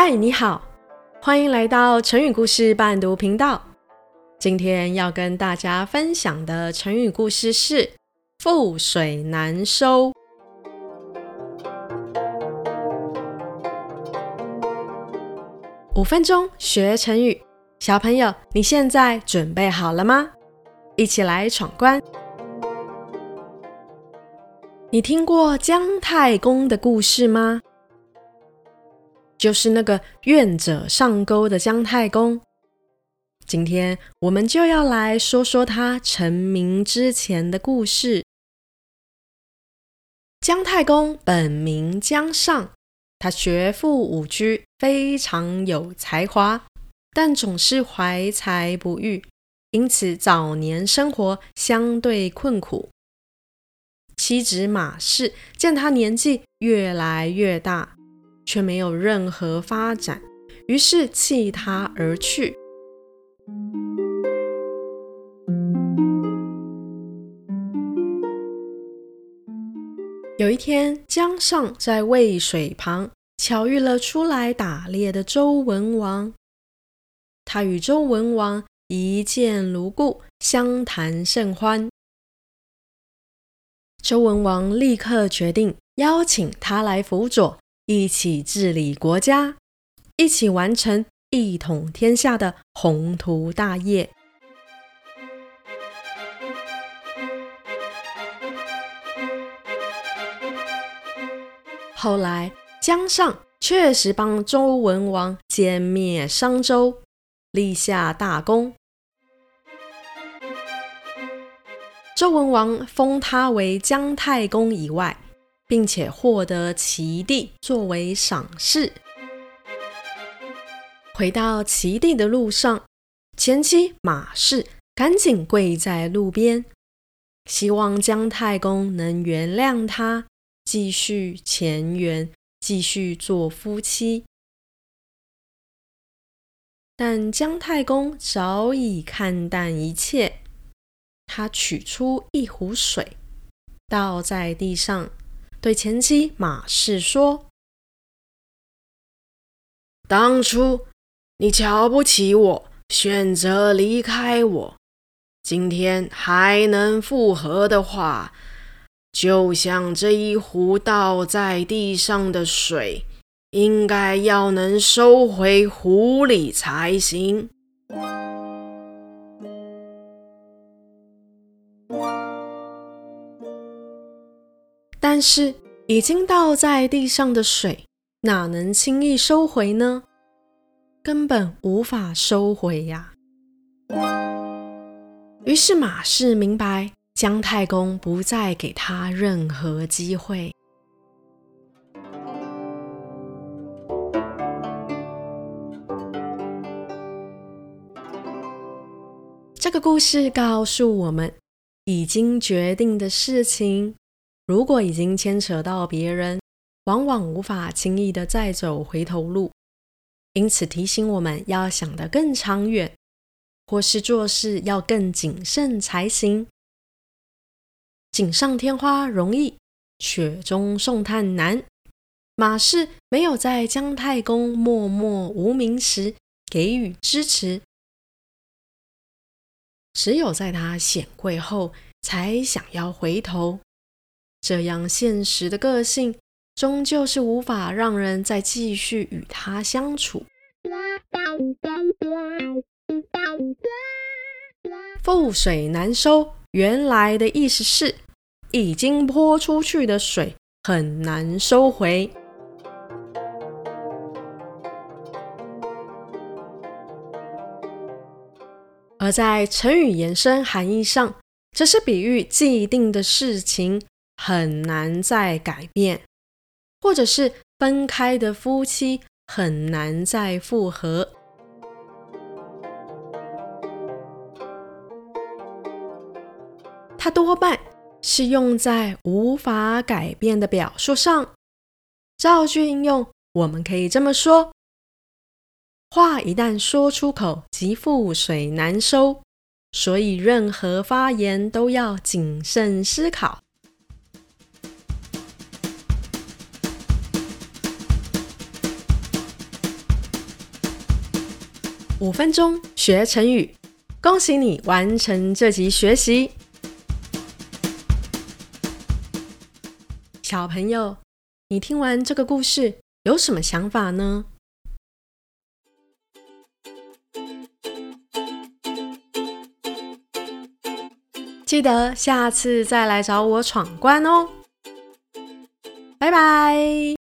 嗨，Hi, 你好，歡迎來到成語故事伴讀頻道。今天要跟大家分享的成語故事是“覆水難收”。五分鐘學成語，小朋友，你現在準備好了嗎？一起來闖關。你聽過姜太公的故事嗎？就是那個願者上鈎的姜太公，今天我們就要來說說他成名之前的故事。姜太公本名姜尚，他學富五車，非常有才華，但總是懷才不遇，因此早年生活相對困苦。妻子馬氏見他年紀越來越大，卻沒有任何發展，於是棄他而去。有一天，姜尚在渭水旁巧遇了出來打獵的周文王，他與周文王一見如故，相談甚歡。周文王立刻決定邀請他來輔佐。一起治理國家，一起完成一統天下的宏圖大業。後來，姜尚確實幫周文王殲滅商周，立下大功。周文王封他為姜太公以外。並且獲得齊地作為賞賜。回到齊地的路上，前妻馬氏趕緊跪在路邊，希望姜太公能原諒她，繼續前緣，繼續做夫妻。但姜太公早已看淡一切，他取出一壺水，倒在地上。對前妻馬氏說：“當初你瞧不起我，選擇離開我。今天還能複合的話，就像這一壺倒在地上的水，應該要能收回壺裡才行。”但是已經倒在地上的水，哪能輕易收回呢？根本無法收回呀、啊。於是馬氏明白姜太公不再給他任何機會。這個故事告訴我們，已經決定的事情。如果已經牽扯到別人，往往無法輕易的再走回頭路，因此提醒我們要想得更長遠，或是做事要更謹慎才行。錦上添花容易，雪中送炭難。馬氏沒有在姜太公默默無名時給予支持，只有在他顯貴後才想要回頭。這樣現實的個性，終究是無法讓人再繼續與他相處。覆水難收，原來的意思是已經潑出去的水很難收回。而在成語延伸含義上，這是比喻既定的事情。很難再改變，或者是分開的夫妻很難再復合。他多半是用在無法改變的表述上。造句應用，我們可以這麼說：話一旦說出口，即覆水難收，所以任何發言都要謹慎思考。五分鐘學成語，恭喜你完成這集學習。小朋友，你聽完這個故事有什麼想法呢？記得下次再來找我闖關哦！拜拜。